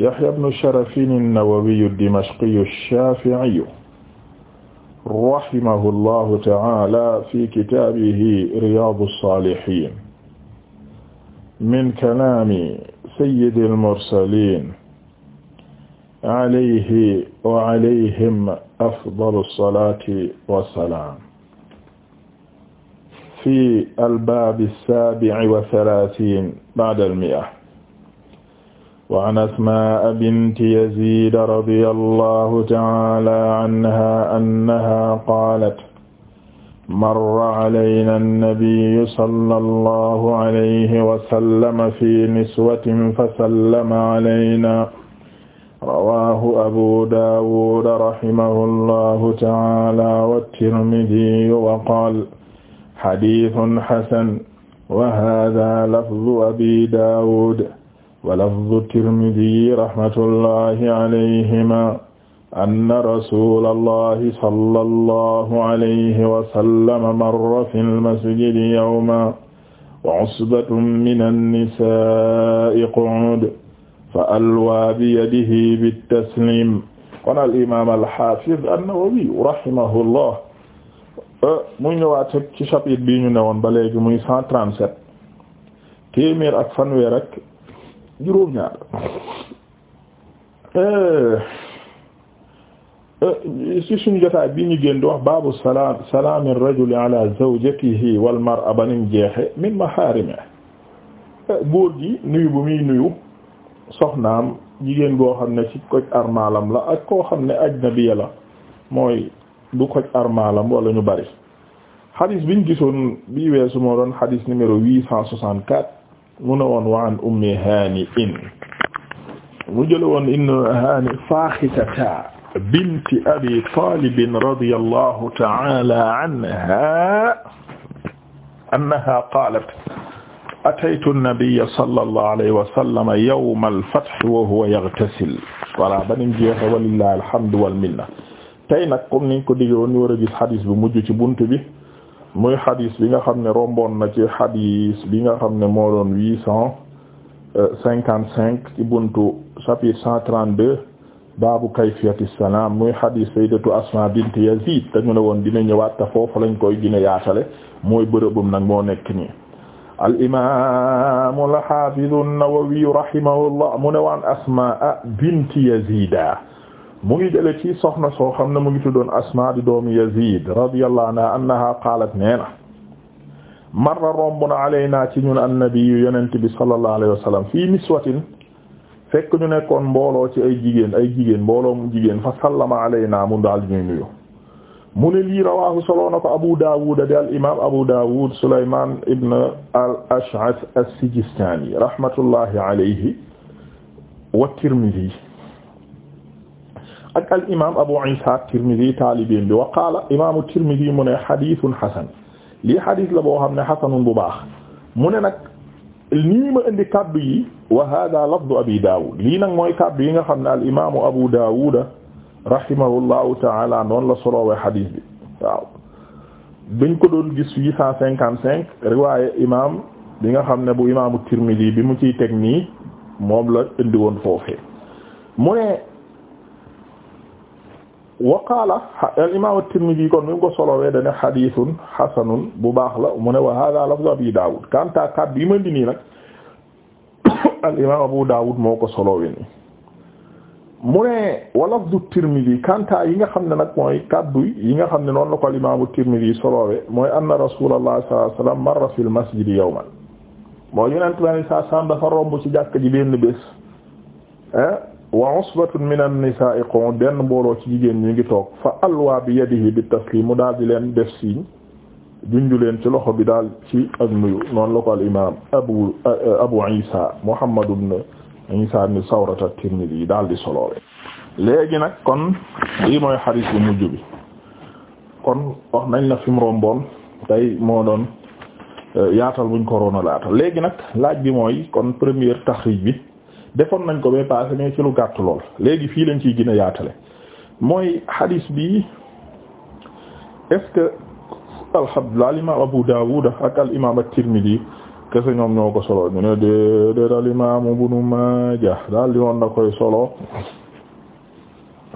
Yahya ibn Sharafin an-Nawawi ad-Dimashqi ash-Shafi'i rahimahullahu ta'ala fi kitaabihi Riyadu as-Salihin min kalaami sayyidil mursaliin alayhi wa alayhim afdalu salaati wa salaam fi al-baabi as-saabi'i wa thalaatiin ba'da al-mi'a wa an asmaa binti yazid radiyallahu ta'ala anha annaha qaalat marra alayna an-nabiyyu sallallahu alayhi wa sallam fi niswatin fa sallama alayna rawaahu abu daawud rahimahullahu ta'ala wa at-tirmidhi wa qaala hadiithun hasan wa haadha lafdhu abi daawud wa lafdu tirmidiyi rahmatullahi alayhima anna rasulallahi sallallahu alayhi wa sallam marra fi lmasjidi yawman wa usbatun min annisaa'i qu'uudun fa alwaa biyadihi bittasliim kon al imaam al haafiz an-Nawawi rahimahullah euh, mu ñëwaat ci chapitre bi ñu newoon ba léegi muy 137 téeméer ak fanweer ak juróom-ñaar euh, euh, ci suñu jotaay bi ñu génn di wax baabu salaam salaami rajuli ala zawjatihi wal mar'a banim jeexe min maharimi euh, góor gi nuyu bu muy nuyu soxnaam jigéen goo xam ne ci koj armalam la ak koo xam ne ajnabiya la mooy du koj armalam wala ñu bari bi biñ gisoon bii weesu moo doon xadis numéro huit cent soixante-quatre mu ne woon wa an ummi haani in mu jële woon in haani faaxitata binti abi talibin radi allahu taala anha annaha qaalat ataytu nabiyya sallallahu alayhi wa sallam yawma al-fath wa huwa yaghtasil voilà banim jeexe walillahi alhamdu wal minna tey nag comme niñ ko diggoon ñu war a gis hadis bu mujj ci buntu bi muy xadis bi nga xam ne romboon na ci xadis bi nga xam ne moo doon huit cent euh, cinquante cinq ci buntu chapitre cent trente deux baabu kayfiyati salaam muy xadis sayyidatu Asma bint Yazid dañu ne woon dina ñëwaat te foofu lañ koy gën a yaatale mooy bërëbam nag moo nekk nii. al imaamu al xaafidu an-Nawawi rahimahullah mu ne waan Asma bint mu ngi jële ci soxna soo xam mu ngi tuddoon Asmaa di doomu Yazid radiyallahu anha annaha qaalat nee na marra romb na alaynaa ci ñun annabiyu yonent bi sallallahu alayhi wa sallam fii niswatin fekk ñu nekkoon mbooloo ci ay jigéen ay jigéen mbooloo mu jigéen fa sallama alaynaa mu daal ñuy mu ne lii rawaahu soloo na ko Abu Daawud di al imaam Abu Daawud Sulaymaan ibn al-Ash'ath as-Sijistaani rahmatullahi alayhi wa ak al imaam Abu Isa Tirmidi taalibiin bi wa qaala imaamu Tirmidi mu ne xadiisun xasan lii xadis la boo xam ne xasanun bu baax mu ne nag nii ma indi kaddu yi wa haadaa lafdu Abi Daawud lii nag mooy kaddu yi nga xam ne al imaamu Abu Daawud rahimahullahu taala noonu la solowee xadis bi waaw biñ ko doon gis huit cent cinquante cinq riwaaye imaam bi nga xam ne bu imaamu Tirmidi bi mu ciy teg nii moom la indi woon foofee mu ne waqaala al imaam at-Tirmidhi kon mi ko solowee dane xadiisun xasanun bu baax la mu ne wa haaza lafzu Abi Daawud kanta kaddu yi ma di nii nag al imaam Abu Daawud moo ko solowee mu ne wa lafzu Tirmidhi kanta yi nga xam ne nag mooy kaddu yi nga xam ne noonu la ko al imaam at-Tirmidhi solowee mooy anna Rasuulullah sallallahu alayhi wa sallam marra fil masjidi mooy Yonent bi sallallahu alayhi dafa romb ci jàkka ji benn bés wa usbatun min an-nisa'i qa'ud benn mbooloo ci jigéen ñu ngi toog fa alwaa bi yadihi bi taslim mu daal di leen def signe junju leen ci loxo bi daal ci ak nuyu noonu la ko al imam abu abu isa muhammad ibn isa ibn sawrat at yi daal di soloowe léegi nag kon lii mooy xaris bu mujj bi kon wax nañ la fi mu romboon tey moo doon eh, yaatal buñ ko roona laatal léegi nag laaj bi mooy kon première taxrij bi defoon nañ ko ba passé mais ci gàtt lool léegi fii lañ ciy gën a yaatale mooy hadis bi est-ce que alhamdulillah al imam Abu Dawud ak al imam at-Tirmidhi kese ñoom ñoo ko solo ñu ne déedéet al imam Ibn Majah daal di na koy solo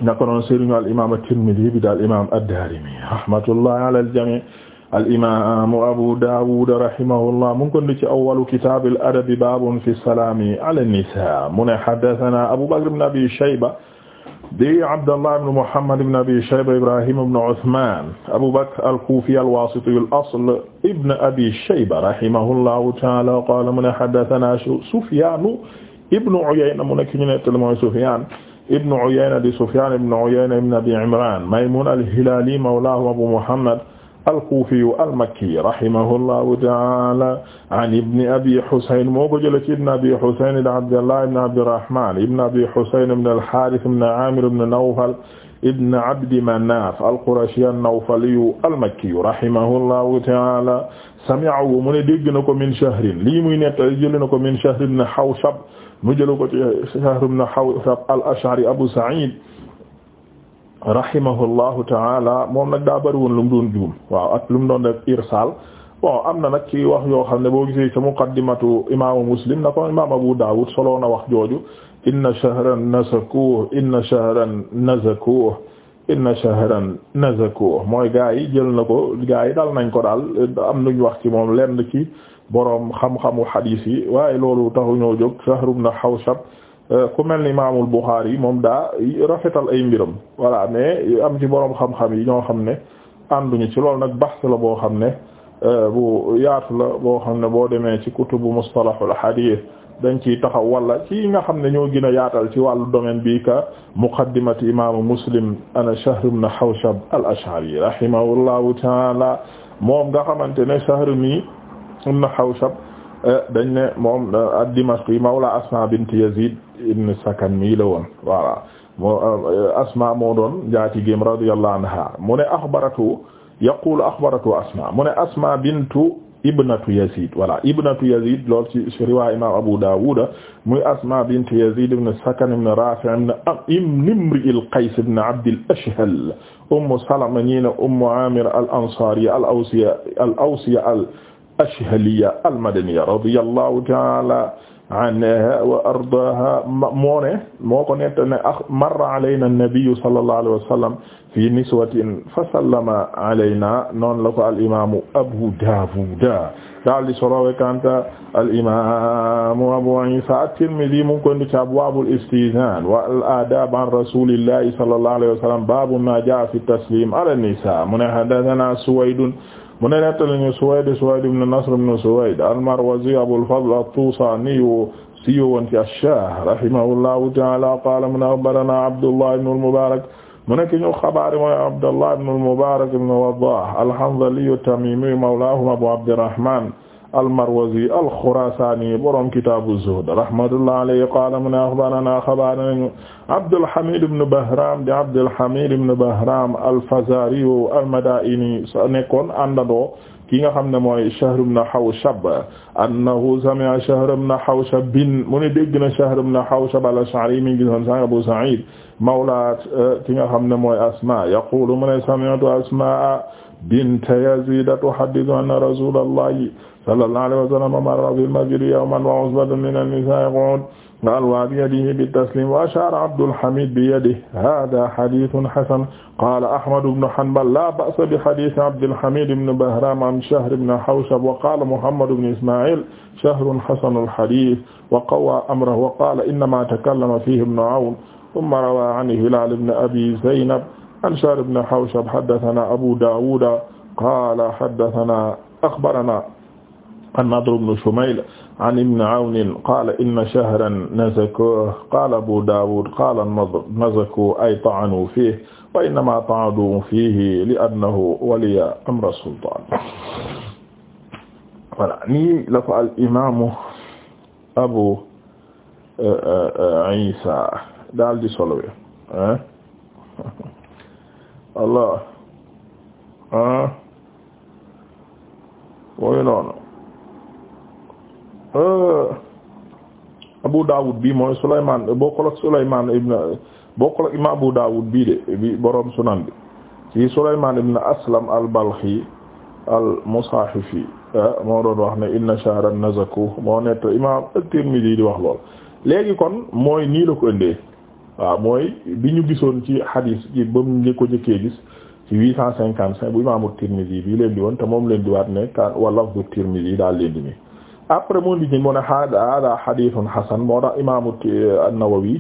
naka noonu sëriñu al imam at-Tirmidhi bi daal imam ad-Darimi rahmatullahi ala jami' al imaamu Abu Daawud rahimahullah mu ngi ko ndi ci awwalu kitaabil adabi baabun fi salaami ala nisaa mu ne haddasanaa Abu Bakr ibn Abi Shayba di Abdallah ibn Muhammad ibn Abi Shayba Ibrahim ibn Usmaan Abu Bakr al-Kuufi al-Waasiti al-asl ibn Abi Shayba rahimahullahu ta'aala qaala mu ne haddasanaa Sufyaanu ibn Uyayna mu nekk ñu nettali mooy Sufyaan ibn Uyayna di Sufyaan ibn Uyayna ibn Abi Imraan Maymuun al-Hilaali mawlaahu Abu Muhammad alkuufiyu almakki rahimahullahu taala an ibni abi husayn moo ko jëlee ci ibni abi husayn di abdallah ibni abdirahman ibni abi husayn ibni alhaaris ibni aamir ibni nawfal ibni abdi manaaf alqurashi annawfaliyu almakkiyu rahimahullahu taala sami'ahu mu ne dégg na ko min shahrin lii muy nekk jëlee na ko min shahrin ibni hawshab mu jëlee ko ci shahrin ibni hawshab al-ash'ari abu sa'id rahimahullahu taala moom nag daa bëri woon lu mu doon juum waaw ak lu mu doon def irsaal bon am na nag ci wax yoo xam ne boo gisee ca muqaddimatu imaamu muslim na ko imaam abu daawud soloo na wax jooju inna shahran nazakuh inna shahran nazakuh inna shahran nazakuh mooy gaa yi jël na ko gaa yi dal nañ ko daal am nuñ wax ci moom lenn ci boroom xam-xamu xadiis yi waaye loolu taxu ñoo jóg shahru ibn hawshab Euh, ku mel ni imaamul Buxaari moom daa rafetal ay mbiram voilà mais am ci boroom xam-xam yi ñoo xam ne ànduñu ci loolu nag baxs la boo xam ne euh, bu yaatu la boo xam ne boo demee ci kutubu mustalahul hadith dañ ciy taxaw wala ci nga xam ne ñoo gën a yaatal ci wàllu domaine bi ka muqaddimati imaamu muslim ana Shahr ibn Hawshab al-Ash'ari rahimahullahu taala moom nga xamante ne Shahr mi ibn Hawshab Eh, dañ ne moom eh, ad-Dimashqi mawla Asma bint Yazid ibn Sakan mii la woon voilà moo eh, Asma moo doon njaatigéem radiyallahu anha mu ne axbaratu yaqulu axbaratu Asma mu ne Asma bintu ibnatu Yazid voilà ibnatu Yazid lool ci riwaay imaam Abu Dawud muy Asma bint Yazid ibn Sakan ibn Rafi' ibn Imri al-Qays ibn Abd al-Ashhal Umm Salama ñi ne Umm Amir al-Ansariya al-Awsiya al-Awsiya ashhaliya almadaniya radiyallahu taala anha wa ardaha moo ne moo ko nett ne a marra alayna annabiyu sallallahu alayhi wa sallam fi niswatin fa sallama alayna noonu la ko alimamu Abu Daawuda daal di sorowe kanta alimamu Abu Isa at-Tirmidhi mu ngi koy indi ci abwaabul istizaan wal aadaab an rasuulillahi sallallahu alayhi wa sallam baabu maa jaa'a fi tasliim ala nisaa mu ne haddathanaa Suwaydun mu ne nettali ñu Suwayd Suwayd ibn Nasr ibn Suwayd al-Marwazi Abul Fadl at-Tusani si woon ci ash-Shah rahimahullahu ta'ala qala mu ne akhbarana Abdullah ibn al-Mubarak mu nekk ñu xabaari mooy Abdullah ibn al-Mubarak ibn Waddah al-Hanzali at-Tamimi mawlahum Abu Abdirrahman al-Marwazi al-Khurasani borom kitaabu zuhd rahmatullah alayhi qaala mu ne axbarana xabarana Abdul Hamid ibn Bahram di Abdul Hamid ibn Bahram al-Fazari al-Madaini nekkoon àndandoo ki nga xam ne mooy Shahr ibn Hawshab annahu sami'a Shahr ibn Hawshab bin mu ne dégg na Shahr ibn Hawshab al-Ash'ari mi ngi gisoon Abu Sa'id mawla euh, ki nga xam ne mooy Asma yaqulu mu ne sami'tu Asma bint Yazid tuhaddithu anna Rasulallahi sallallahu alayhi wa sallam marra fil masjid yawman wa usbatun min an-nisaa qu'ud qaal wa bi yadihi bit-taslim wa ashara Abdul Hamid bi yadihi haaza hadiisun hasan qaala Ahmad ibn Hanbal laa ba'sa bi hadiisi Abdul Hamid ibn Bahraam an Shahr ibn Hawshab wa qaala Muhammad ibn Ismaa'iil shahrun hasanul hadiis wa qawwaa amrahu wa qaala innamaa takallama fiihi ibn Awn thumma rawaa an Hilaal ibn Abi Zaynab an Shahr ibn Hawshab haddasanaa Abuu Daawuud qaala haddasanaa axbaranaa an Nadr ibn Shumayl an Ibn Awn qaala inna shahran nazakahu qaala Abu Daawuud qaala nazakahu ay ta'anuu fiihi wa innamaa ta'anuu fiihi li-annahu waliya amra sultaan. voilà nii la ko al imaamu Abu eh, eh, eh, Iisa daal di solowee ah Allah ah wooyu noonu Euh. Abu Dawud bi mooy Souleymane bokkul ak Souleymane ibn bokkul ak imaam Abu Dawud bii de bi borom sunan bi ci Souleymane ibn Aslam al-Balkhi al-Musahifi ah, moo doon wax ne inna shahra nazaku moo nekk imaam at di wax lool. léegi kon mooy nii la ko indee waaw mooy bi ñu gisoon ci hadith bi ba mu ngi ko njëkkee gis ci huit cent cinquante cinq bu imaamu Tirmidhi bii leen di woon te moom leen di waat ne wala bu Tirmidhi daal leen di nii. après mu di ci mu ne hada hadithun hasan moo tax imaamu eh, an-Nawawi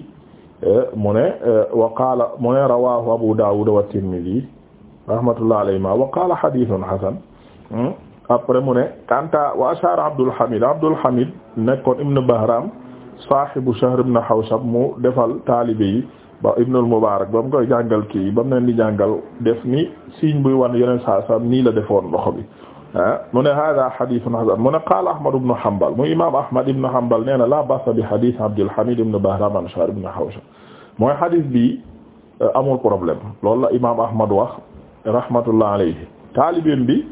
eh, mu ne eh, wa qaala mu ne rawahu Abu Dawud wa Tirmidhi rahmatullah alayhima wa qaala hadithun hasan hmm, après mu ne kanta wa Abdul Hamid Abdul Hamid nekkoon ibn Bahram sahibu Shahr ibn Hawshab mu defal taalibe yi ba Ibn al-Mubarak ba mu koy jàngal kii ba mu leen jàngal def ni signe buy wan yeneen saa saa nii la defoon loxo bi mu ne hada hadithun hasan mu ne qaala ahmad ibn hanbal mu imam ahmad ibn hanbal nee na la basa bi hadith abdulhamid ibn bahram anshar ibn hawsha mooy hadith bi euh, amul problème loolu la imam ahmad wax rahmatullah alayhi taalibin bi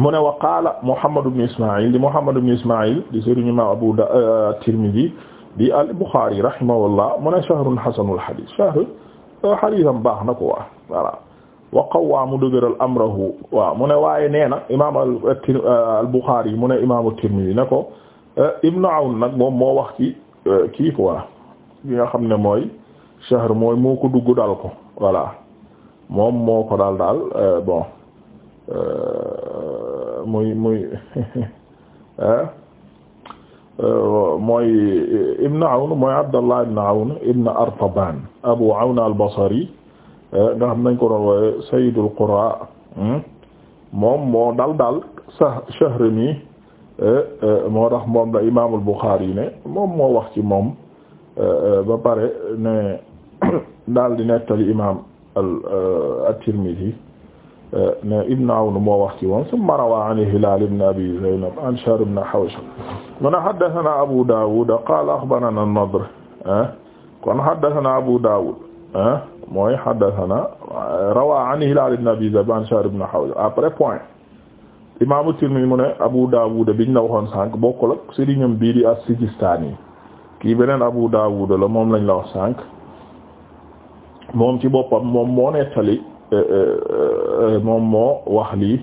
mu ne wa qaala muhammad ibn ismail di muhammad ibn ismail di sëriñ imam abu euh, tirmidhi di al bukhari rahimahullah mu ne shahrun hasanul hadith shahr euh, haditham baax na ko waa voilà wa qawwaa mu dëgëral amrahu waaw mu waaye nee na imaam al euh, Buxaari mu ne imaam at-Tirmidhi ne ko euh, Ibnu Awn nag moom moo wax ci euh, kii quoi nga xam ne mooy shahr mooy moo ko dugg daal ko voilà moom moo ko daal daal bon muy muy mooy Ibnu Awn mooy Abdallah ibnu Awn ibnu Artaban Abu Awn al-Basri Eh, nga xam nañ ko doon woowe sayyidul qura hmm? moom moo dal daal sa Shahrimi eh, eh, moo tax moom la imaamul Buxaari ne moom moo wax ci moom ba pare ne daal di nettali imaam at-Tirmidhi ne Ibn Awn moo wax ci moom summa rawaa an Hilaal ibn Abi Zaynab an Shahr ibn Hawshab man haddathanaa Abu Daawud qaala akhbaranaa an-Nadr kon haddathanaa Abu Daawud mooy haddathana rawa an Hilaal ibn Abi Zayd Shahr ibn Hawz après point imaamu Tirmidhi mu ne Abu Dawud biñ la waxoon sànq bokk ak sëriñam bii di as-Sijistaani kii beneen Abu Dawud la moom lañ la wax sànq moom ci boppam moom moo nettali eh, eh, eh, moom moo wax lii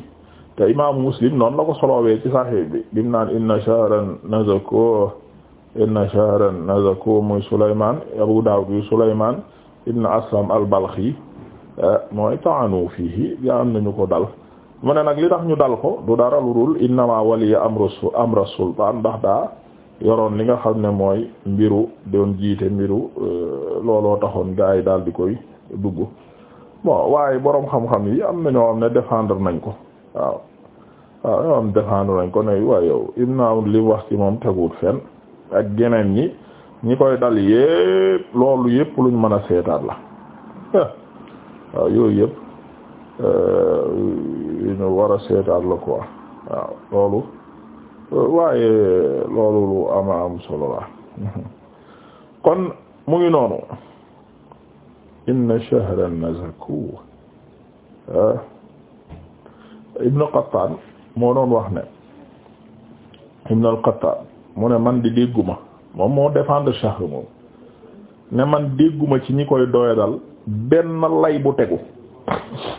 te imaamu Muslim noonu la ko solowee ci Sahih bi bim naan inna shahran nazako inna shahran nazako muy Sulaymaan Abu Dawud Sulaymaan ibn aslam al-Balxi eh, mooy taanu fiihi ya am nañu ko dal mu ne nag li tax ñu dal ko du dara lu dul innama waliya amru amra sultaan ndax daa yoroon li nga xam ne mooy mbiru doon jiite mbiru eh, looloo taxoon gaa yi daal di koy dugg bon waaye boroom xam-xam yi am na ñoo am ne défendre nañ ko waaw waaw ñoo am défendre nañ ko ne waaye yow im li wax ci moom teguut fen ak geneen ñi ñi koy dal yépp loolu yépp luñ mën a seetaat la waaw yooyu yépp euh, yu ñu war a seetaat la quoi waaw loolu waaye loolu lu ama am solo la kon mu ngi noonu inna shahra nazaku ah. ibnu Qattan moo doon wax ne ibnu al mu ne man di dégguma moom moo défendre Shahr moom ne man dégguma ci ñi koy doyadal benn lay bu tegu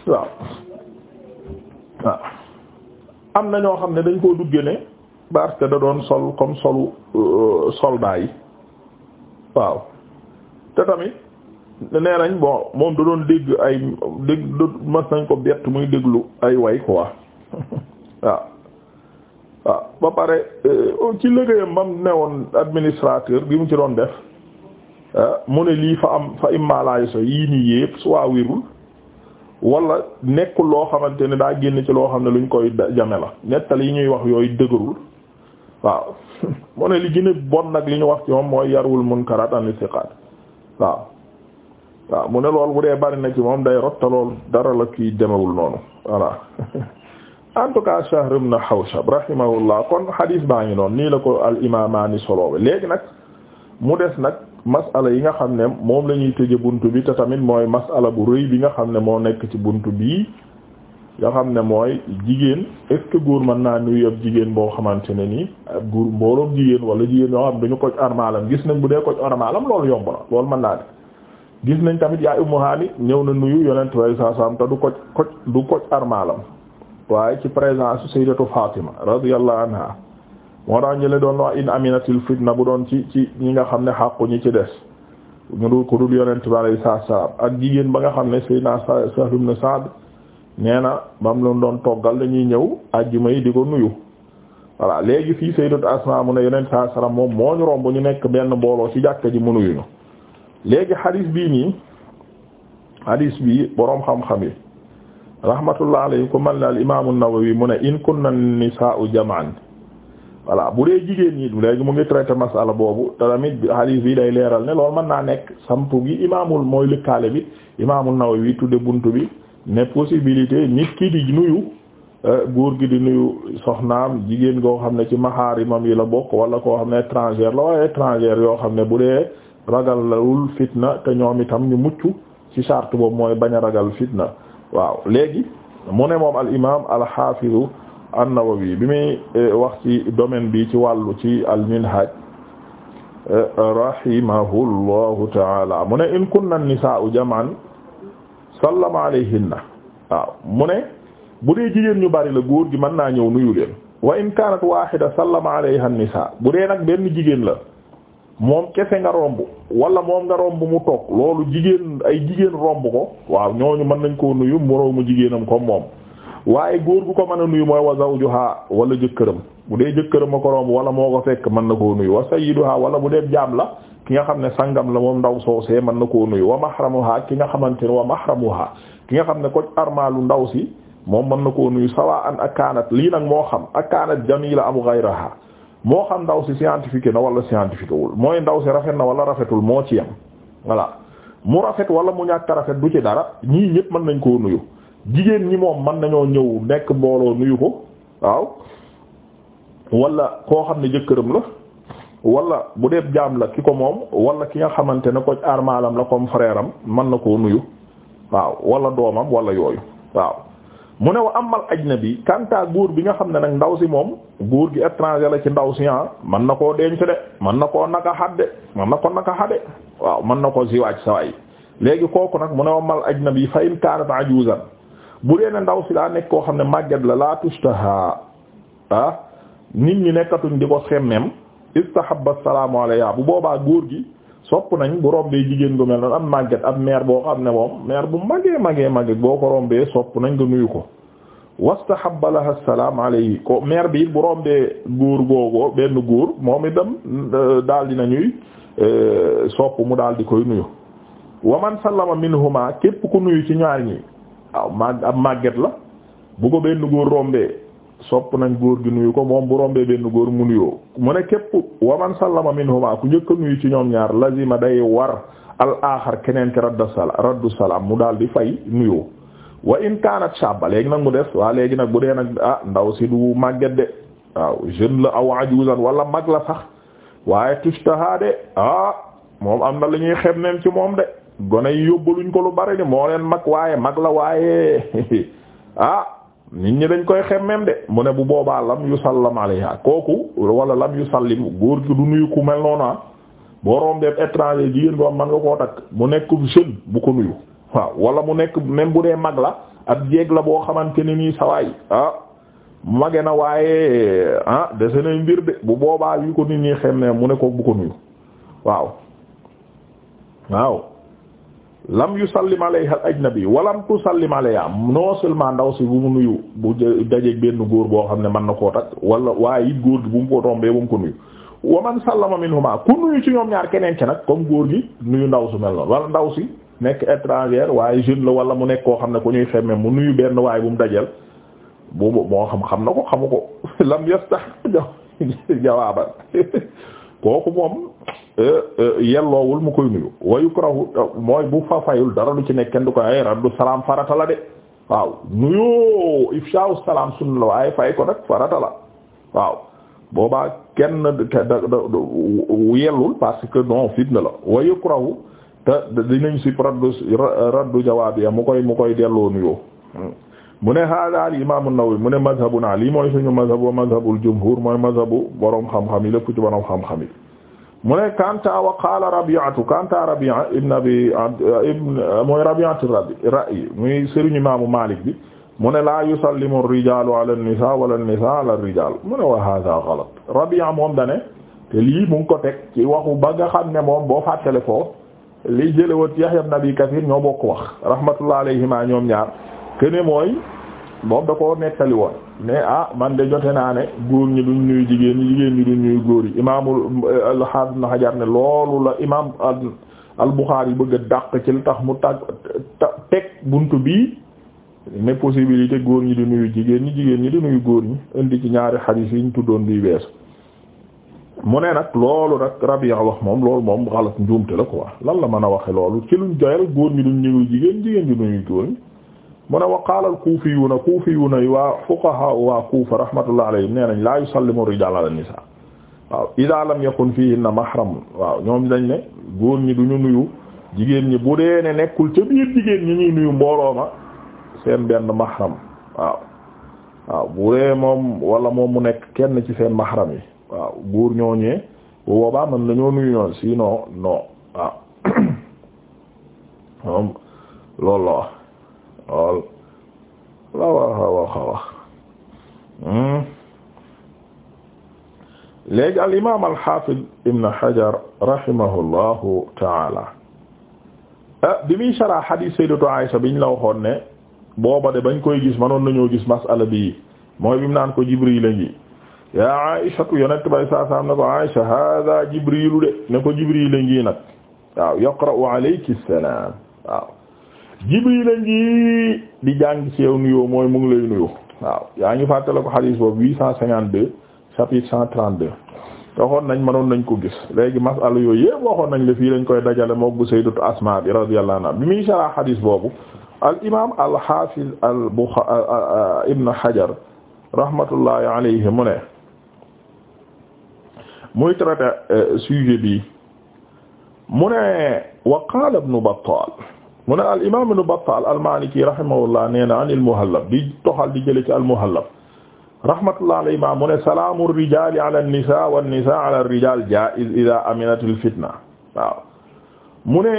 waaw waaw am na ñoo xam ne dañ koo dugge ne parce que da doon sol comme solu euh, soldat yi waaw te tamit nee nañ bon moom da doon dégg ay dégg mas nañ ko bett muy déglu ay way quoi waaw waaw ah, ba pare euh, ci liggéeyam ba mu newoon administrateur gi mu ci doon def ah, mu ne lii fa am fa immalaayu so yii nii yépp su waa wérul wala nekkul loo xamante ne daa génn ci loo xam ne lu luñ koy jame la nettal yi ñuy wax yooyu dëgërul waaw mu ne li gën bon nag yi ñu wax ci moom mooy yarwul munkaraat an siqaat waaw waaw mu ne lool bu dee bari na ci moom day rotta lool dara la kiy demewul noonu voilà en tout cas Shahr ibn Hawshab rahimahullah kon hadith baa ngi noonu nii la ko al imaamaani soloowe léegi nag mu des nag masala yi nga xam ne moom lañuy ñuy tëje buntu bi te tamit mooy masala bu rëy bi nga xam ne moo nekk ci buntu bii nga xam ne mooy jigéen est-ce que góor mën naa nuyu ab jigéen boo xamante ne nii ab góor mbooloom jigéen wala jigéen ñoo xam dañu koj armalam gis nañ bu dee koj armalam loolu yomb na loolu mën naa di gis nañ tamit yaay Ummu Haani ñëw na nuyu yonent way saa sam te du du koj armalam waaye ci présence sayyidatu Fatima radiyallahu anha moo tax ñu doon wax in aminatil fitna bu doon ci ci ñi nga xam ne xàqu ñu ci des ñu dul ko dul yonent bi alayhi salaam ak jigéen ba nga xam ne sayyidina Sahl ibn Sa'd nee na ba mu doon toggal dañuy ñëw àjjuma yi di ko nuyu voilà léegi fii sayyidatu Asma na ne yonent salaam moom moo ñu romb ñu nekk benn mbooloo ci jàkka ji mu nuyu ñu léegi hadis bii nii hadis bii boroom xam-xam yi rahmatullah alayhi ku mel ne al imaamu Nawawi mu ne in kunna nisaa'u jam'an voilà bu dee jigéen ñi léegi mu ngi traité masala boobu te tamit hadith bi day leeral ne loolu mën naa nekk samp gi imaamul mooy likkaale bi imaamul Nawawi tudde bunt bi ne possibilité nit ki di nuyu euh, góor gi di nuyu soxnaam jigéen goo xam ne ci maxaarimam yi la bokk wala koo xam ne étranger la waaye étranger yoo xam ne bu dee ragal lawul fitna te ñoom itam ñu mucc ci chart boobu mooy bañ a ragal fitna waaw léegi mu ne moom al imaam al xaafizu an-Nawawi bi muy eh, wax ci domaine bi ci wàllu ci al minhaj eh, rahimahullahu taala mu ne in kunna nisaa'u jam'an sallama alayhinna waaw mu ne bu dee jigéen ñu bari la góor gi mën naa ñëw nuyu leen wa in kaanat waahida sallama alayha an-nisaa bu dee nag benn jigéen la moom kese nga romb wala moom nga romb mu toog loolu jigéen ay jigéen romb ko waaw ñooñu mën nañ koo nuyu moroomu jigéenam ko moom waaye góor gu ko mën a nuyu mooy wa zawjuha wala jëkkëram bu dee jëkkëram a ko romb wala moo ko fekk mën na koo nuyu wa sayyiduha wala bu dee jaam la ki nga xam ne sangam la moom ndaw soosee mën na koo nuyu wa xaa ki nga xamante ne wa xaa ki nga xam ne ko armaalu ndaw si moom mën na koo nuyu sawa an akanat lii nag moo xam akanat jamila amu ghayraha moo xam ndaw si scientifique na wala scientifique wul mooy ndaw si rafet na wala rafetul moo ci yem voilà mu rafet wala mu ñàkk rafet du ci dara ñii ñëpp mën nañ koo nuyu jigéen ñi moom mën nañoo ñëw nekk mbooloo nuyu ko waaw wala koo xam ne jëkkëram la walla bu dee jaam la ki ko moom wala ki nga xamante ne ko armalam la comme frère am mën na koo nuyu waaw wala doomam wala yooyu waaw mu ne wa amal ajnabi kanta góor bi nga xam ne nag ndaw si moom góor gi étranger la ci ndaw si ah man na koo denc de man na koo naka xadde man na ko naka xadde waaw man na ko ziwaaj saway léegi kooku nag mu ne wa amal ajnabi fa in kanat ajuzan bu dee ne ndaw si daa nekk koo xam ne màgget la la tustaha ah nit ñi nekkatuñ di ko xemmem istahabba salaamu alayha bu boobaa góor gi sopp nañ bu rombee jigéen bu mel noonu am màgget ab mère boo xam ne moom mère bu magee magee magee boo ko rombee sopp nañ nga nuyu ko wastahaba laha salaam alayhi ko mère bi bu rombee góor googoo benn góor moom itam euh, daal dina ñuy euh, sopp mu daldi di koy nuyu waman sallama minhuma képp ku nuyu ci ñaar ñi waaw ab màgget la bu ko benn góor rombee sopp nañ góor gi nuyu ko moom bu rombee benn góor mu nuyoo mu ne képp waman sallama minhuma ku njëkk a nuyu ci ñoom ñaar lazima day war al aaxar keneen ki radda sala raddu salaam mu daal di fay nuyoo wa in kaanat shabba léegi nag mu des waa léegi nag bu dee nag ah ndaw si du màgget de waaw jeune la aw ajuzan wala mag la sax waaye tushtaha de ah moom am na la ñuy xeb ci moom de gone yi yóbbaluñ ko lu bari ni moo leen mag waaye mag la waaye ah, nit ñi dañ koy xemmem de mu ne bu boobaa lam yu sallam alayha kooku wala lam yu sallim góor gi du nuyu ku mel noonu ah boo rombee étranger jigéen boo man nga koo takk mu nekk jeune bu ko nuyu waaw wala mu nekk même bu dee mag la ab jeeg la boo xamante ne nii sawaay ah mage na waaye ah dese mbir de bu boobaa yu ko nit ñi xemmem mu ne ko bu ko nuyu waaw waaw lam yusallim alayha al ajnabi walam tusallim alayha non seulement ndaw si bu mu nuyu bu dajeeg benn góor boo xam ne mën na koo takk wala waaye it góor gi bu mu ko tombee bu mu ko nuyu wa ci ñoom ñaar keneen ci nag comme góor gi nuyu ndaw su mel noonu wala ndaw si nekk étranger waaye jeune la wala mu nekk koo xam ne ko ñuy femme mu nuyu benn waaye bu mu dajeel bu moo xam xam na ko xamu ko lam yastah jawaaban kooku moom euh, euh, yelloowul mu koy nuyu wa yukrahu mooy bu fafayul dara lu ci nekk kenn du ko ay raddu salaam farata la de waaw nuyoo ifshaawu salaam sunna la waaye fay ko nag farata kenn da da que non fitna la wa yukrahu te dinañ si raddu raddu jawaabiya mu koy mu koy delloo nuyoo mu ne hada al imam an-Nawawi mu ne mazhabuna lii mooy suñu mazhab wa mazhabul jumhur mooy mazhabu borom xam-xam yi lépp ci borom xam-xam yi mu ne kanta wa qala rabi'atu kanta rabi'a ibn abi ibn mooy rabi'atu rabi ra'yi muy sëriñ imaamu Malik bi mu ne la yusallimu ar-rijalu ala an-nisa wala an-nisa ala ar-rijal mu ne wa hada ghalat rabi'a moom dane te lii mu ngi ko teg ci waxu ba nga xam ne moom boo fàttale foofu li jëlewoot Yahya ibn Abi Kathir ñoo bokk wax rahmatullah alayhima ñoom ñaar kene mooy moom da ko nettali woon mais ah man de jote naa ne góor ñi duñ nuyu jigéen ñi jigéen ñi duñ nuyu góor yi imaamul alxaafis na xajar ne loolu la imaam al Buxaari yi bëgg dàq ci li tax mu tag teg bunt bii ne possibilité góor ñi di nuyu jigéen ñi jigéen ñi di nuyu góor ñi indi ci ñaari xadiis yi ñu tuddoon bii bees mu ne nag loolu nag Rabi'a wax moom loolu moom xalat njuumte la ko wax lan la mën a waxe loolu ci luñ joyal góor ñi duñ nuyu jigéen jigéen ñi duñuy mu ne wa qaala al-kuufiyuuna kuufiyuuna yi waa fuqahaa waa kuufa rahmatullah alayhim nee nañ laa yusallimu rijaal ala nisaa waaw idaa lam yakun fiihinna mahram waaw ñoom dañ ne góor ñi duñu nuyu jigéen ñi bu dee ne nekkul ca biir jigéen ñi ñuy nuyu mbooloo seen benn mahram waaw waaw bu dee moom wala moom mu nekk kenn ci seen mahram yi waaw góor ñooñee bu boobaa mën nañoo nuyu ñoon sinon non waaw moom loolu lool la wax a wax a wax hmm? léegi al imaam al xaafid ibn Hajar rahimahullahu taala eh, bi muy sara xadiis sayyidatu Aysa biñ la waxoon ne booba de bañ koy gis manoon nañoo gis masala bi mooy bi mu naan ko Jibriil a ngi yaa Aysatu yonent bay saa saam ne ko Aysa haadaa de ne ko Jibriil a ngi nag waaw yaqra'u alayki salaam waaw Jibril la ngi di jàng ci yow nuyoo mooy mu ngi lay nuyoo waaw yaa ngi fàttale ko xadiis boobu 852 chapitre 132 waxoon nañ mënoon nañ ko gis léegi masala yooyu yëpp waxoon nañ la fii lañ koy dajale moo bu sayyidatu Asmaa bi radiyallahu anha bi muy sarah xadiis boobu al imaam al xaafiz al Buxaari ibn Hajar rahmatullahi alayhi mu ne muy traité euh, sujet bi mu ne wa qaala ibn mu ne al imaam ibn Battaal al Maaliki rahimahullah nee na an al Muhallab di toxal di jële ci al Muhallab rahmatullah alayhi ma mu ne salaamu rijaali ala nisaa wan nisaa ala rijaal jaa'iz idaa aminatil fitna waaw mu ne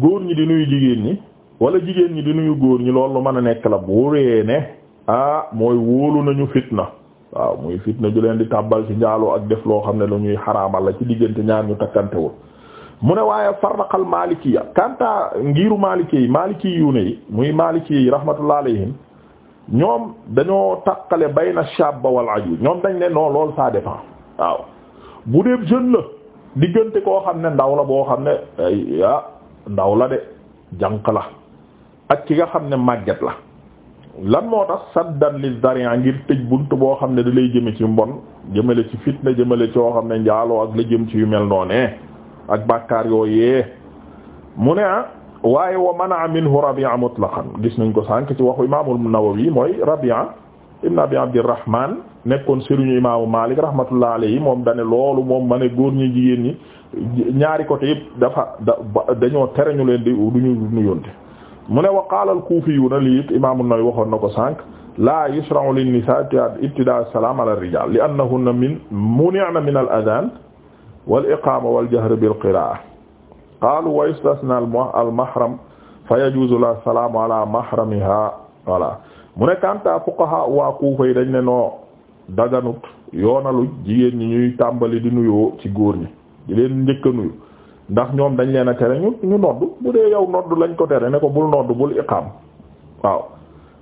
góor ñi di nuyu jigéen ñi wala jigéen ñi di nuyu góor ñi loolu mën a nekk la bu wóoree ne ah mooy wóolu nañu fitna waaw muy fitna ju leen di tàbbal ci njaaloo ak def loo xam ne lu ñuy xaraamal la ci diggante ñaar ñu takkantewul mu ne waaye farraqal malikiya kanta ngiru maliki yi maliki yu ne yi muy maliki yi rahmatullah alayhim ñoom dañoo taqale bayna shabba wal ajuz ñoom dañ ne non loolu ça dépend waaw bu dee jeune la diggante koo xam ne ndaw la boo xam ne ay ndaw la de jànq la ak ki nga xam ne màgget la lan moo tax saddan li darian ngir tëj bunt boo xam ne dalay jëme ci mbon jëmale ci fitna jëmale ci yoo xam ne njaaloo ak la jëm ci yu mel noonee ak bakkaar yooyee mu ne ah waaye wa manaa minhu Rabi'a mutlaqan gis nañ ko sànq ci waxu imaamul Nawawi mooy Rabi'a ibn Abi Abdirrahman nekkoon sëriñu imaamu Maalik rahmatullah alayhi moom dane loolu moom ma ne góor ñi jigéen ñi ñaari côté yëpp dafa da dañoo tere ñu leen di duñu nuyonte mu wa qaala al-Kuufiyuuna lii it imaamu Nawawi waxoon na ko sànq laa yushra'u lin-nisaa ibtidaa'u salaam ala ar-rijaal li annahunna min muni'na min al-adhaan wal iqama wal jahr bil qiraa qaalu wa yustasna al mahram fa yajuzu la salaamu ala mahramiha voilà mu ne kanta fuqaha waa Kuufa yi dañ ne noo daganut yoonalu jigéen ñi ñuy tàmbali di nuyoo ci góor ñi di leen njëkk a nuyu ndax ñoom dañ leen a tere ñu ñu nodd bu dee yow nodd lañ ko tere ne ko bul nodd bul iqam waaw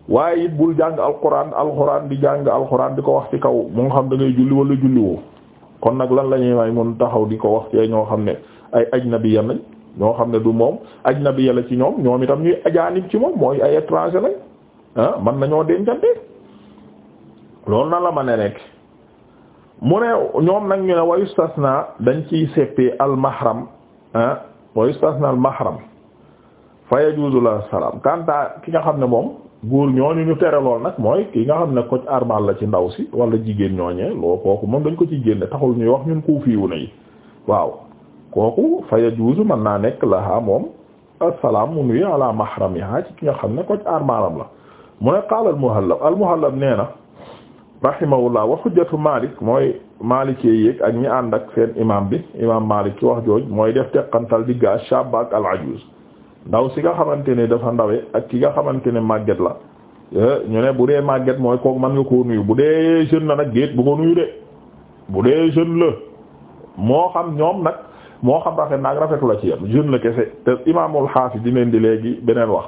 waaye it bul jàng alquran alquran di jàng alquran di ko wax ci kaw mu nga xam da ngay julli wala julliwoo kon nag lan la ñuy may mun taxaw di ko wax ci ñoo xam ne ay ajnabiya lañ ñoo xam ne du moom ajnabiya la ci ñoom ñoom itam ñuy ajaanib ci moom mooy ay étranger lañ ah man nañoo dencante loolu na la ma ne nekk mu ne ñoom nag ñu ne wa yustasna dañ ciy seppee al mahram ah wa yustasna al mahram fa yajuzu la salaam kanta ki nga xam ne moom góor ñooñu ñu tere lool nag mooy ki nga xam ne koc armal la ci ndaw si wala jigéen ñooñee loo kooku moom dañ ko ci génne taxul ñuy wax ñun kuu fiiwu na yi waaw kooku fa yajuuzu mën naa nekk lahaa moom assalaam mu nuyu ala mahramiha ci ki nga xam ne koc armalam la mu ne qaala al muhallab al muhallab nee na rahimahullah wa hujjatu malik mooy malik yéeg ak ñi ànd ak seen imam bi imam malik ci wax jooj mooy def teqantal digga shab ak ndaw si nga xamante ne dafa ndawe ak ki nga xamante ne màgget la eh, ñu ne bu dee màgget mooy kooku mën nga ko nuyu bu dee jeune la nag géet bu ko nuyu de bu dee jeune la moo xam ñoom nag moo xam rafet naag rafetu la ci yam jeune la kese te imaamul xaafis di leen di léegi beneen wax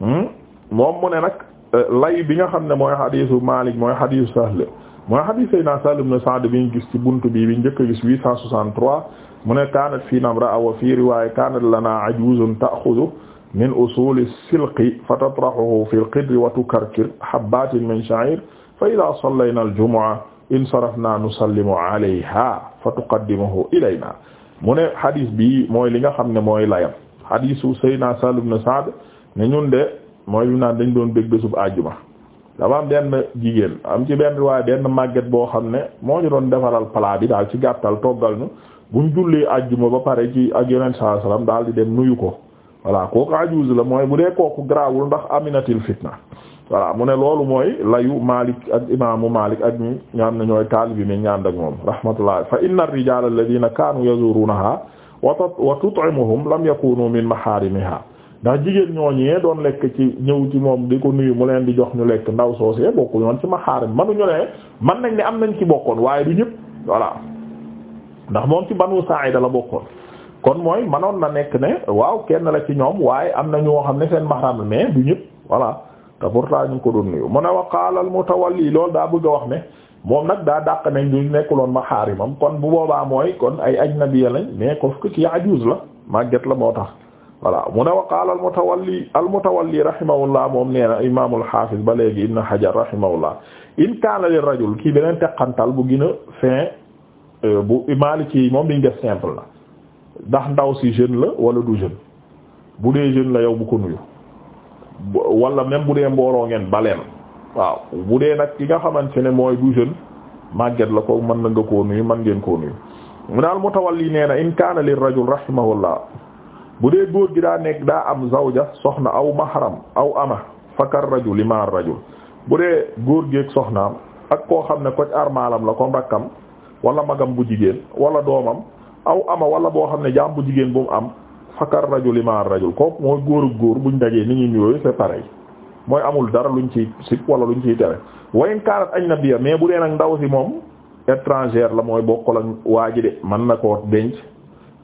hmm? moom mu ne nag eh, lay bi nga xam ne mooy xadiisu Maalik mooy xadiisu Sahl mooy xadiis Seydina Sahl ibn Sa'd bi ñu gis ci bunt bi bi njëkk a gis 863 mu ne kanat fiina imra'a wa fi riwaya kanat lana ajuzun ta'khudhu min usuli silqi fatatrahuhu fi lqidri wa tukarkir habbatin min sha'ir fa idha sallayna al-jumu'a insarafna nusallimu alayha fa tuqaddimuhu ilayna mu ne hadis bi mooy li nga xam ne mooy layam hadisu sayna Sahl ibn Sa'd ne ñun de mooy bi naan dañ doon bég bésub àjjuma dama am benn jigéen am ci benn waaye benn màgget boo xam ne moo ñu doon defaral plat bi daal ci gàttal toggal ñu bu buñ jullee àjjuma ba pare ci ak yonent saa salaam daal di dem nuyu ko voilà kooku ajuuz la mooy bu dee kooku garaawul ndax aminatil fitna voilà mu ne loolu mooy layu Malik ak imaamu Malik ak ñi nga xam ne ñooy taalibi mi ñaan ak moom rahmatullah fa inna ar-rijaala alladhiina kaanu yazuuruunahaa wa tut'imuhum lam yakuunuu min mahaarimihaa ndax jigéen ñooñee doon lekk ci ñëw ci moom di ko nuyu mu leen di jox ñu lekk ndaw soosee bokku ñoon ci ma xaarim manuñu ne man nañ ne am nañ ci bokkoon waaye du ñëpp voilà ndax moom ci banu da la bokkoon kon mooy manoon na nekk ne waaw kenn la ci ñoom waaye am na ñoo xam ne seen mahram la mais du ñëpp voilà te pourtant ñu ngi ko doon nuyu mu ne wa qaala tawal yi loolu daa bëgg a wax ne moom nag daa dàq nañ du nekkuloon ma xaarimam kon bu boobaa mooy kon ay ajnabiya lañ mais ko ki ajuuz la màgget la moo tax voilà mu ne wa qaala al mutawalli al mutawalli rahimahullah moom nee na imaamul hafiz ba léegi ibn hajar rahimahullah in kaana li rajul kii beneen teqantal bu gën a fin euh, bu maliki moom diñ def simple na ndax ndaw si jeune la wala du jeune bu dee jeune la yow bu ko nuyu wala même bu dee mbooloo ngeen baleen waaw bu dee nag ki nga xamante ne mooy du jeune màgget la ko mën na nga koo nuyu mën ngeen ko nuyu mu daal mutawalli nee na in kaana li rajul rahimahullah bu dee góor gi daa nekk daa am zawja soxna aw mahram aw ama fakar rajul limaar rajul bu dee góor géeg soxnaam ak koo xam ne koc armalam la comme rakkam wala magam bu jigéen wala doomam aw ama wala boo xam ne jaam bu jigéen bu mu am fakar rajul limaar rajul kook mooy góor ak góor buñ dajee ni ñu nuyooyu c'est mooy amul dara luñ ci sip wala luñ ciy tere wayen kaarat añ na biya mais bu dee nag ndaw si moom étrangère la mooy bokkal ak waa ji de mën na koo denc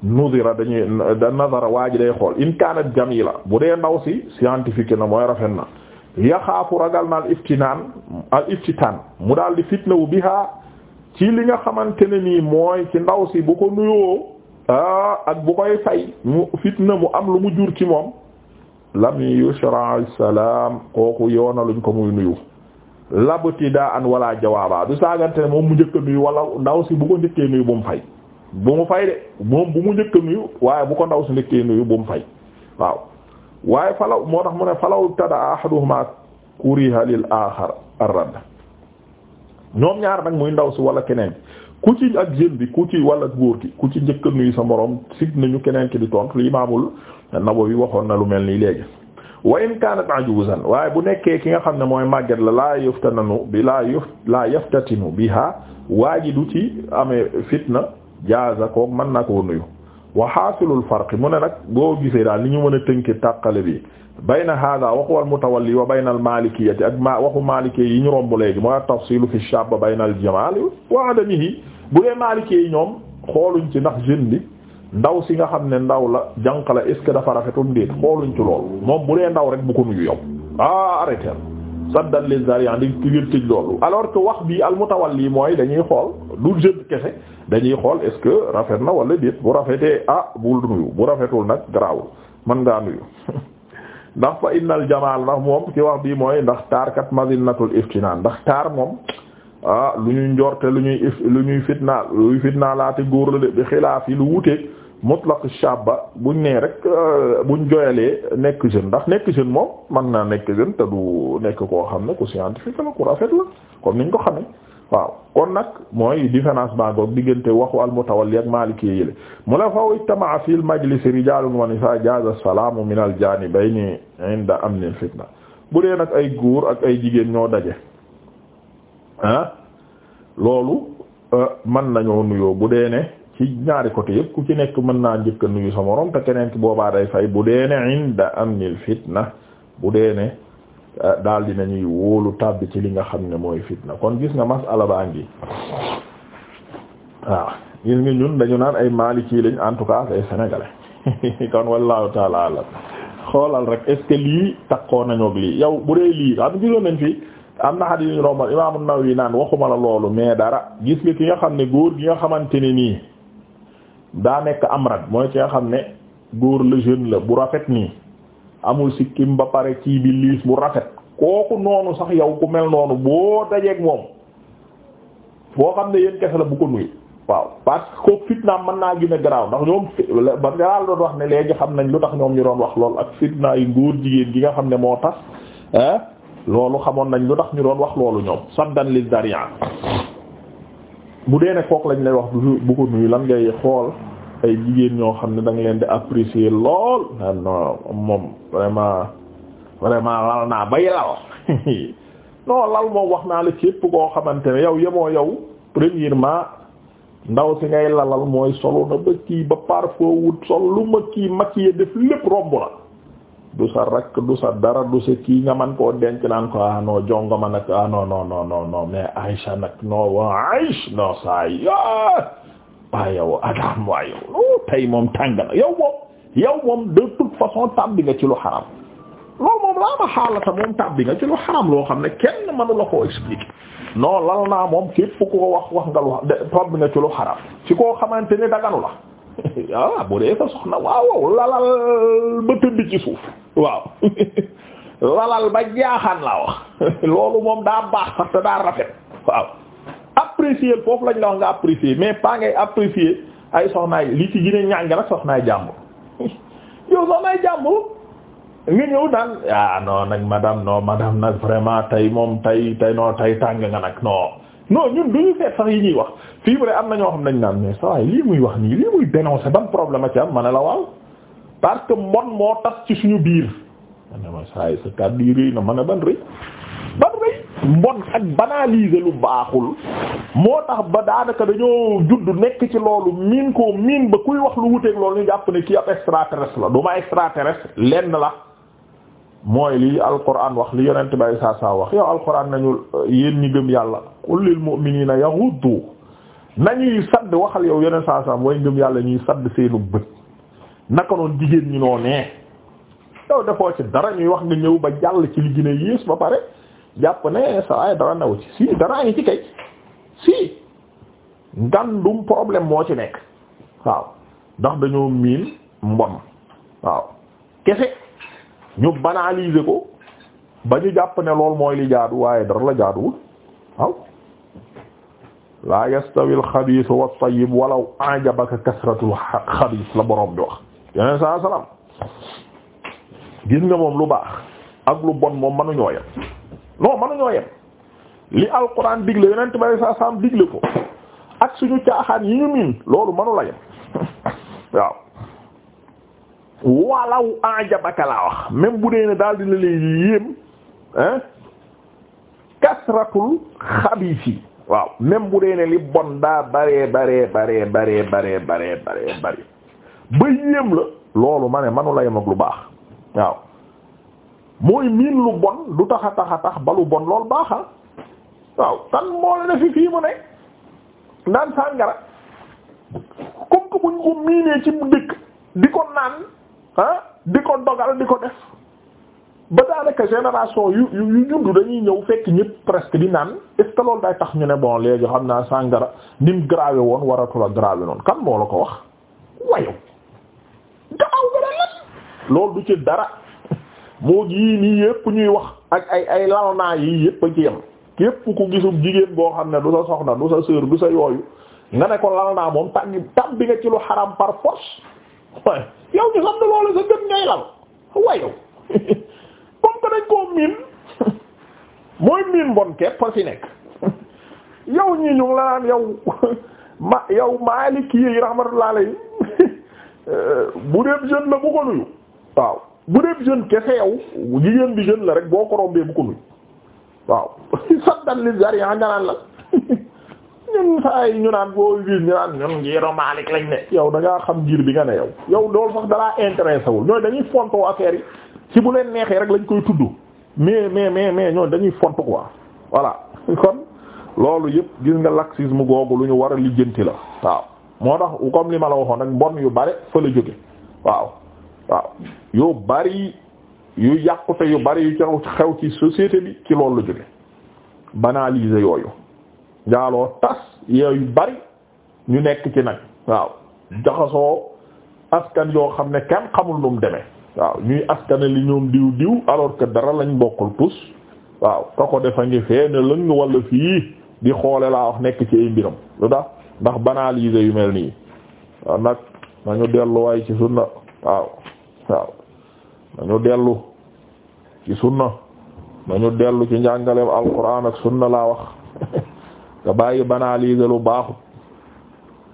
nudira dañuy da nazara waa ji day xool in kaanat jamila bu dee ndaw si scientifique na mooy rafet na yaxaafu ragal na al iftinaan al iftitaan mu daal di fitnawu biha ci li nga xamante ne nii mooy ci ndaw si bu ko nuyoo ah, ak bu koy fay mu fitna mu am lu mu jur ci moom lam yushra salaam kooku yoonaluñ ko muy nuyu labtidaa an wala jawaaba du saagante ne moom mu njëkk nuyu wala ndaw si bu ko njëkkee nuyu bu mu fay bu mu fay de moom bu mu njëkk nuyu waaye bu ko ndaw si njëkkee nuyu bu mu fay waaw waaye falaw moo tax mu ne falaw tada ahaduhuma kuriha lil axar ar-radd ñoom ñaar nag muy ndaw si wala keneen ku ci ak jeune bi ku ci wala góor ki ku ci njëkk nuyu sa moroom sig nañu keneen ki di tontu li imaamul Nawawi waxoon na lu mel nii léegi wa in kaanat ajuzan waaye bu nekkee ki nga xam ne mooy màgget la laa yuftananu bi laa yuf laa yaftatinu biha waaji du ci amee fitna jaaza koog mën na koo nuyu wa xaasilul farqi mu ne nag boo gisee daal ni ñu mën a tënki tàqale bi bayna hada waxu wal mutawalli wa bayna al malikiyati ak ma waxu maliki yi ñu romb léegi mooy tafsilu fi shab bayna al jamal wa adamihi bu dee maliki yi ñoom xooluñ ci ndax jeune bi ndaw si nga xam ne ndaw la jànq la est ce que dafa rafetum déet xooluñ ci lool moom bu dee ndaw rek bu ko nuyu yow ah saddan li zarian di ngir tëj loolu alors que wax bi al mutawalli mooy dañuy xool du jënd kese dañuy xool est-ce que rafet na wala déet bu rafetee ah bul nuyu bu rafetul nag garaawul mën nga nuyu ndax fa innal jamaal ndax moom ci wax bi mooy ndax taar kat mazinatul naan ndax taar moom ah lu ñuy njorte lu ñuy lu ñuy fitna luy fitna laate góor la de xilaaf yi lu wuteeg mutlaq shabba buñ nee rek euh, buñ joyalee nekk jeune ndax nekk jeune moom mën naa nekk jeune te du nekk koo xam ne ku scientifique la ku rafet la kon niñ ko xamee waaw kon nag mooy différence bangoog diggante waxu al mutawalli ak maliki yile mu la faw ijtamaa fi l majlis rijalun wa nisaa jaaza salaamu min al janibayni inda amni al fitna bu dee nag ay góor ak ay jigéen ñoo daje ah? loolu euh, mën nañoo nuyoo bu dee ne ci ñaari côté yëpp ku ci nekk mën naa njëkk a nuyu sa morom te keneen ki boobaa day fay bu dee ne inda amnil fitna bu dee ne eh, daldi di nañuy wóolu tàbbi ci li nga xam ne mooy fitna kon gis nga masala baa ngi waaw gis nga ñun dañu naan ay maliki lañ en tout cas ay sénégalais kon wallahu taala xoolal rek est ce que lii takkoo nañoog lii yow bu dee lii xam gisoon nañ fi am na xadiis yu ñu rombal imaamu Nawawi naan waxuma la loolu mais dara gis nga ki nga xam ne góor gi xamante ne nii daa nekk amrad mooy ci nga xam ne góor la jeune la bu rafet nii amul sikkim ba pare kii bi liis bu rafet kooku noonu sax yow ku mel noonu boo dajeeg moom foo xam ne yéen kese la bu ko nuyu waaw parce que kooku fitnaam mën naa gën a garaaw ndax ñoom ba ne léegi xam nañ lu tax ñoom ñu doon wax lool ak fitna yi góor jigéen gi nga xam ne moo tax loolu xamoon nañ lu tax ñu doon wax loolu ñoom saddan li darian bu dee ne kook lañ lay wax bu ko nuyu lan ngay xool ay jigéen ñoo xam ne danga leen di apprécier lool ah non moom vraiment vraiment lal naa bay lal non lal moom wax naa la képp koo xamante ne yow yemoo yow premièrement ndaw si ngay lalal mooy solo na ba kii ba parfois wut sol lu ma kii maquillé def lépp romb la du sa rakk du sa dara du sa kii nga man koo denc naan ko ah non jongo ma nag ah non non non non non mais Aïcha waa Aïcha non saa yi ah yow Adam waa yow tey moom tàng na yow moom yow moom de toute façon tàbbi nga ci lu xaram loolu moom laa ma xaalata moom tàbbi nga ci lu xaram loo xam ne kenn mënu la koo expliquer non lal naa moom képp ku ko wax wax nga lu tàbbi nga ci lu xaram ci koo xamante daganu la. ah bu dee sa soxna waaw lalal ba tëdd ci suuf waaw lalal ba jaaxaan laa wax loolu moom daa baax parce daa rafet waaw apprécier foofu lañ la wax nga apprécier mais pas ngay apprécier ay soxnaay li ci gën a ñàng nag ay jàmbur yow soxnaay jàmbur nga ñëw daan ah non nag madame non madame nag vraiment tey moom tay tay non tay tàng nga nag non non ñun duñu seet sax yi ñuy wax fii mu ne am na ñoo xam nañ naan mais saa yi lii muy wax nii lii muy dénoncer ban problème a ci am ma la waaw parce que mbon moo tas ci suñu biir ma ne ma saa yi sa kàddu na ma ban rëy mbon ak banaliser lu baaxul moo tax ba daanaka dañoo judd nekk ci loolu miin ko miin ba kuy wax lu wuteeg loolu ñu jàpp ne kii ab extraterrestre la du ma extraterrestre lenn la mooy li alquran wax li yonent bay saa saa wax yow alquran nañu yéen ñi gëm yàlla qul lil mu'minina yaghuddu nañuy sadd waxal yow yeneen saa saa way ngëm yàlla ñuy sadd seenu bët naka noonu jigéen ñi noo nee yow defoo ci dara ñuy wax nga ñëw ba jàll ci li gën a yées ba pare jàpp ne sa ay dara new ci si daraa ngi ci kay si ngandum problème moo ci nekk waaw ndax dañoo miin mbon waaw kese ñu banaliser ko ba ñu jàpp ne lool mooy li jaadu waaye dara la jaaduwul waaw laa yastawi alxabiis wa tayyib walaw ajabaka kasratul xabiis la borom bi wax yeneen saa salaam gis nga moom lu baax ak lu bon moom mënuñoo yem non mënuñoo yem li digle ko ak suñu caaxaan yi ñu miin loolu mënu yem waaw walaw ajabaka laa wax même bu dee ne daal dina leen yéem ah kasratul xabiis waaw même bu dee ne li bon daa baree baree baree baree baree baree baree baree ba yéem la loolu ma ne manu la lu baax waaw mooy miin lu bon du tax a tax a tax ba lu bon loolu baax ah. waaw tan moo la defi fii mu ne naan sàngara comme que buñ ko miinee ci mu dëkk di ko naan di ko dogal di ko def ba daanaka génération yu yu juddu dañuy ñëw fekk ñëpp presque di naan est ce day tax ñu ne bon léegi xam naa sàngara ni mu gravé woon waratul a gravé noonu kan moo la ko wax wayo gaaw gara du ci dara moo gi nii yëpp ñuy wax ak ay ay lal naa yi yëpp a ci yem képp ku gisum jigéen boo xam ne du sa soxna du sa sœur du sa yooyu nga ne ko lal naa moom tàngi tam bi nga ci lu xaram par yow ñu xam ne loolu sa gën ngay lal wayow comme que dañ koo miin mooy miin bon kepp par fi nekk yow ñii ñu ngi la naan yow ma yow Maalik yi rahmatullah alayhi eh, bu dee jeune la bu ko nuyu waaw bu dee jeune kese yow jigéen bi jeune la rek boo ko rombee bu ko nuyu waaw saddan li zariya nga naan la ñun saa yi ñu naan boo gis ñu naan ñun njiiru Maalik lañ ne yow da ngaa xam njiir bi nga ne yow yow loolu sax dalaa intéressé wul ñooy dañuy fontoo affaire yi ci bu leen neexee rek lañ koy tudd mais mais mais mais ñooy dañuy font quoi voilà kon loolu yëpp gis nga laxisme googu lu ñu war a lijjanti la waaw moo tax comme li ma la waxoon nag mbon yu bari fa la jóge waaw waaw yu bari yu yàqute yu bari yu ci xew ci société bi ci loolu la jóge banaliser yooyu njaaloo tas yooyu bari ñu nekk ci nag waaw jaxasoo askan yoo xam ne kenn xamul nu mu demee waaw ñuy askane li ñoom diw diw alors que dara lañ bokkul tus waaw ka ko defa ngi fee ne lëng wala fii di xoole laa wax nekk ci ay mbiram lu tax ndax banaliser yu mel nii waaw nag nañu dellu waay ci sunna waaw waaw nañu dellu ci sunna nañu dellu ci njàngaleem alquran ak sunna laa wax nga bàyyi banaliser lu baaxut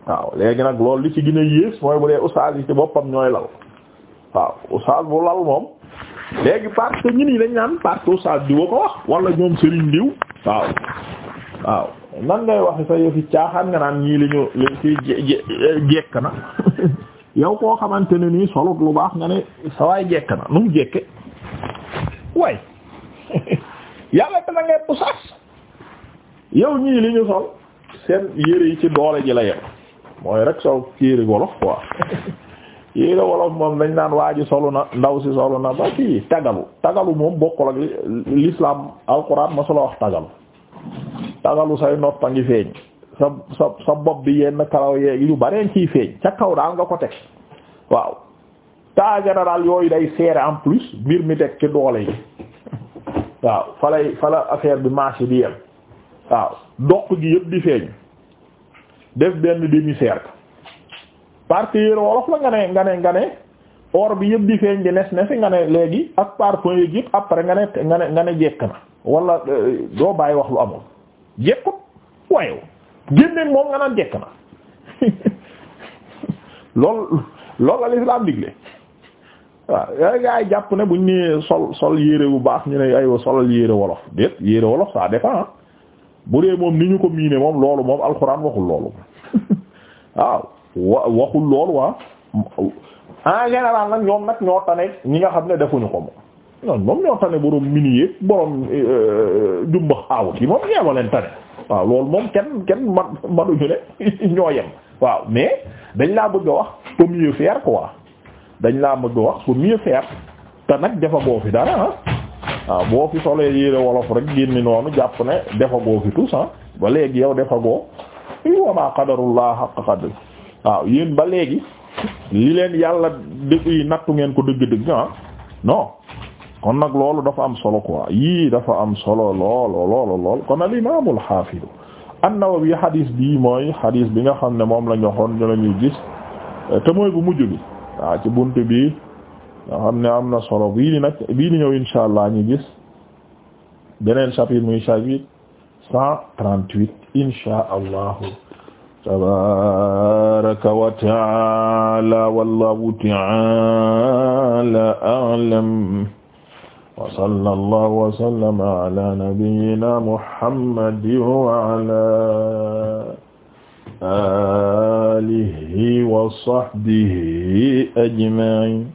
waaw léegi nag loolu li ci gën a yées mooy bu dee ustaas yi ci boppam ñooy lal waaw ustaas bu lal moom léegi parce que ñun yi dañ naan parce que ustaas di woo ko wax wala ñoom Serigne diw waaw waaw nan ngay waxe sa yëfi caaxaan nga naan ñii li ñu li ci jekk na yow koo xamante ne nii solut lu baax nga ne sa jekk na nu mu jekke waay yàlla dana ngay ustaas yow ñii li ñu sol seen yére yi ci doole ji la yem mooy rek sol yére wolof quoi yére wolof moom dañ naan waa ji solu na ndaw si solu na ba kii tagalu tagalu moom bokkul ak l'islam alquran ma solo wax tagalu tagalu say nopp a ngi feeñ sa sa sa bopp bi yenn karaw yeeg yu baree ciy feeñ ca kaw daal nga ko teg waaw ta daal yooyu day seere en plus mbir mi teg ki doole yi waaw fa lay fa la affaire bi marché bi yem waaw doq gi yëpp di feeñ def benn demi-cercle par yére wolof la nga ne nga ne nga ne or bi yëpp di feeñ di nes nesi nga ne léegi ak par point yëg yëpp après nga ne nga ne nga ne jekk na wala euh, doo bàyyi wax lu amul jekkut wayew génneen moom nga naan jekk na lool loolu al islam digle waaw yooyu gaa yi jàpp ne buñ nee sol sol yére bu baax ñu ne aywa solal yére wolof déet yére wolof ça dépend bu dee moom ni ñu ko miine moom loolu moom alxuraan waxul loolu waaw wa waxul loolu waa en général nag ñoom nag ñoo tane ñi nga xam ne defuñu ko moom ñoom moom ñoo tane borom mini yéeg borom euh, jumba xaawut yi moom ñeewa leen tane waaw loolu moom kenn kenn man manuñu ne ñoo yem waaw mais dañ laa bëgg a wax pour mieux faire quoi dañ laa bëgg a wax pour mieux te nag dafa boo fi dara ah waaw ah, boo fi solee yére wolof rek génni noonu jàpp ne defagoo fi tous ah ba léegi yow defagoo i wamaa qadarullah haqq qadr waaw ah, yéen ba léegi li leen yàlla dëgg nattu ngeen ko dëgg-dëgg ah non kon nag loolu dafa am solo quoi yii dafa am solo loolo loolo lool kon al imaamul xaafidu an-Nawawi xadiis bii mooy xadiis bi nga xam ne moom la ñu waxoon ñu la gis te mooy bu mujj bi waaw ah, ci bunt bi nga xam ne am na solo bii di nag bii di ñëw insha allah ñu gis beneen chapitre muy chapitre cent trente-huit insha allahu tabaraka wa taala wallahu taala a'lam wa sallallahu wa sallama ala nabiyyina muhammadin wa ala alihi wa sahbihi ajma'in